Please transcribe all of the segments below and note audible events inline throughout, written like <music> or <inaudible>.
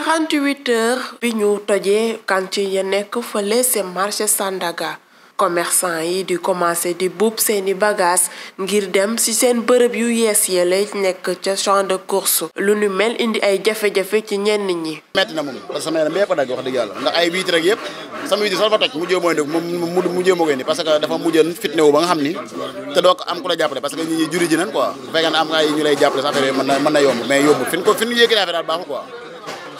48 heures bi ñu tojé kan ci ya nek fële ca marché Sandaga commerçants yi di commencé di buub sen bagage ngir dem ci sen bërepp yu yees lay nek ci champ de course lu ñu mel indi ay jafé jafé ci ñenn ñi. metti na moom parce que sama yaram bee ko dagg wax deug yalla ndax ay vitre rek yépp sama vitre sax fa toj mujjee mooy mu mujjee moo koy ni parce que dafa mujjeen fitne wu ba nga xamni té te ko am ku la jappalé parce que ñi juri ji nañ quoi bu fekkee am nga ñu lay jappalé sa affaire man na mën yomb mais yóbbu fi ko fi yékké affaire daal baax quoi.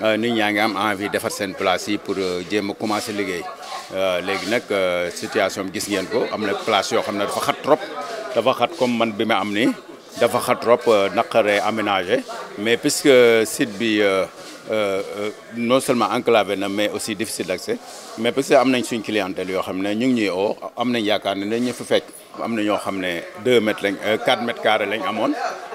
Euh, nit ñaa ngi am envie defar seen place yi pour euh, jéem a commencer liggéey euh, léegi nag situation bi gis ngeen ko am na place yoo xam ne dafa xat trop dafa xat comme man bi ma am ni dafa xat trop naqaree aménager mais puisque site bi non seulement enclavé na mais aussi difficile d'accès mais parce que am nañ suñ clientèle yoo xam ne ñu ngi ñuy oo am na yaakaar ne dañ ñu fu fekk am na ñoo xam ne 2 mètres lañ 4 mètres carrés lañ amoon.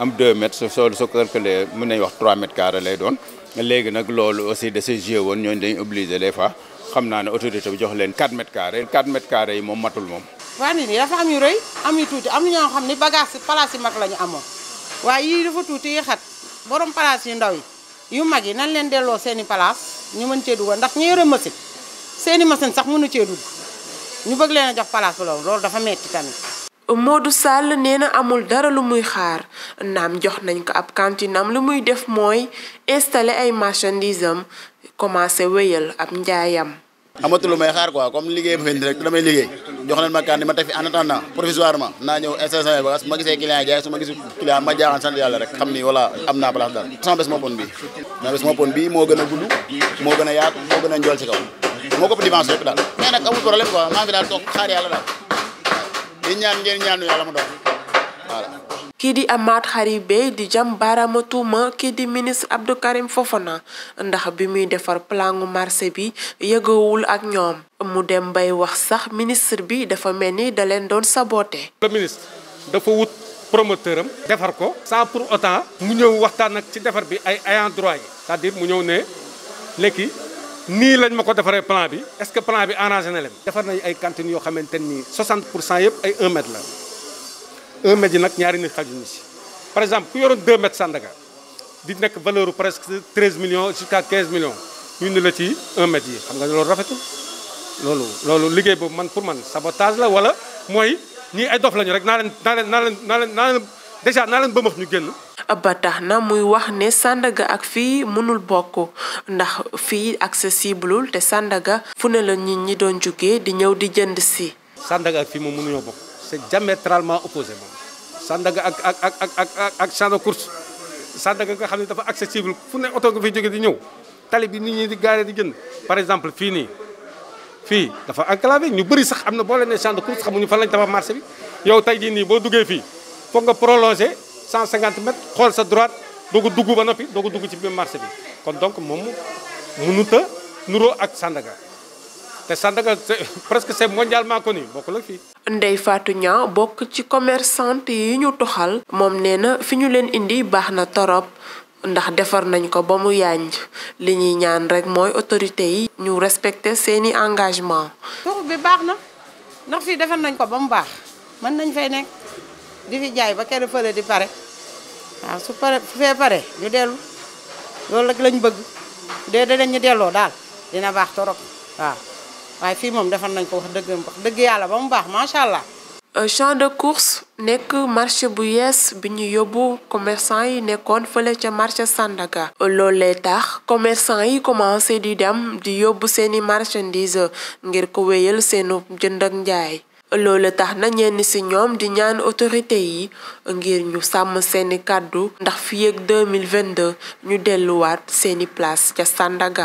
am 2 mètres soo soo calculé mën nañ wax 3 mètres carrés lay doon léegi nag loolu aussi de ces woon ñooñu dañuy obligé des fois xam naa ne autorité bi jox leen 4 mètres carrés yi moom matul moom. waa nii dafa am yu rëy am yu tuuti am ñoo xam ne bagage palaas yu mag la amoon waaye yii dafa tuuti yi xat borom palaas yu ndaw yi yu mag yi nan leen delloo seen i palaas ñu mën cee dugal ndax ñu yore machine seen i machine sax a cee dugg ñu bëgg leen a Modou Sall neena amul dara lu muy xaar nam jox nañ ko ab cantine am lu muy def mooy installer ay marchandise am commencé wéyal ab njaayam. amatu lu may xaar quoi comme liggéey bu fi rek damay liggéey jox nañ ma cantine ma tafi en attendant provisoirement naa ñëw installé samay bagages ma gisee client jaay suma gisee client ma jaaxaan sant yàlla rek xam ni voilà am naa place dal sama bés moo pon bii sama bés moo pon bii moo gën a gudd moo gën a yaatu moo gën a njool ci kaw moo ko ëpp dimanche rek dal mais nag amul problème quoi maa ngi fi daal toog xaar yàlla daal. di ñaan ngeen ñaanu yàlla mu doon kii di Amath Kharibé di jam baaraama kii di ministre Abdou Karim Fofana ndax bi muy defar planu marché bi yëgawul ak ñoom mu dem bay wax sax ministre bi dafa mel ni da leen doon saboote le ministre dafa wut promoteur defar ko sans pour mu ñëw waxtaan ak ci defar bi ay ayants droit yi cest mu ñëw ne léegi. nii lañ ma ko defaree plan bi est-ce que plan bi arrangé na leen. defar nañu ay cantines yoo xamante ni 60 pour cent yëpp ay 1 mètre la 1 mètre yi nag ñaari nit xajuñu si par exemple ku yoroon 2 mètres Sandaga di nekk valeur presque 13 millions jusqu'à 15 millions ñu ni la ci 1 mètre yi xam nga loolu rafetul loolu loolu liggéey boobu man pour man sabotage la wala mooy ñii ay dof lañu rek naa leen naa leen. déjà na lañ bëmax ñu génn ba tax na muy wax ne sandaga ak fii mënul bokk ndax fii accessible te sandaga fu ne la nit ñi doon jugee di ñëw di jënd si sandaga ak fii moom mënuñoo bokk c'est diamétralement opposé moom sandaga ak ak ak ak ak ak ak course sandaga nga xam ne dafa accessible fu ne oto nga fi di ñëw tali bi nit ñi di gaare di jënd par exemple fii nii fii dafa enclavé ñu bëri sax am na boo leen ne champ de course xamuñu fan lañ tabax marché bi yow tey jii nii boo duggee fii foog nga prolongé 150 mètres xool sa droite doo ko dugg ba noppi doo ko dugg ci bi marché bi kon donc moom mënut a nuroo ak Sandaga te Sandaga <laughs> presque c'est mondialement connu bokkul ak fii. Ndeye Fatou Niang bokk ci commerçante yi ñu toxal moom nee na fi ñu leen indi baax na torop ndax defar nañ ko ba mu yànj li ñuy ñaan rek mooy autorité yi ñu respecter seeni engagement. tur bi baax na ndax fi defar nañ ko ba mu baax mën nañ fay nekk. di fi jaay ba kenn feulé di pare waaw su pare fu fé paré ñu déllu lool rek lañ bëgg dé dañ ñu delloo dal dina baax torop waaw way fi mom defar nañ ko wax dëgg wax dëgg yalla ba mu baax sha allah. champ de course nek marché bu yes bi ñu yóbbu commerçant yi nekkon fële ci marché Sandaga lolé tax commerçant yi commencé di dem di yobbu seni marchandise ngir ko wéyal seenu jënd ak njaay. loolu tax na ñenn ci ñoom di ñaan autorité yi ngir ñu sàmm seeni kàddu ndax fii ak 2022 ñu delluwaat seeni place ca Sandaga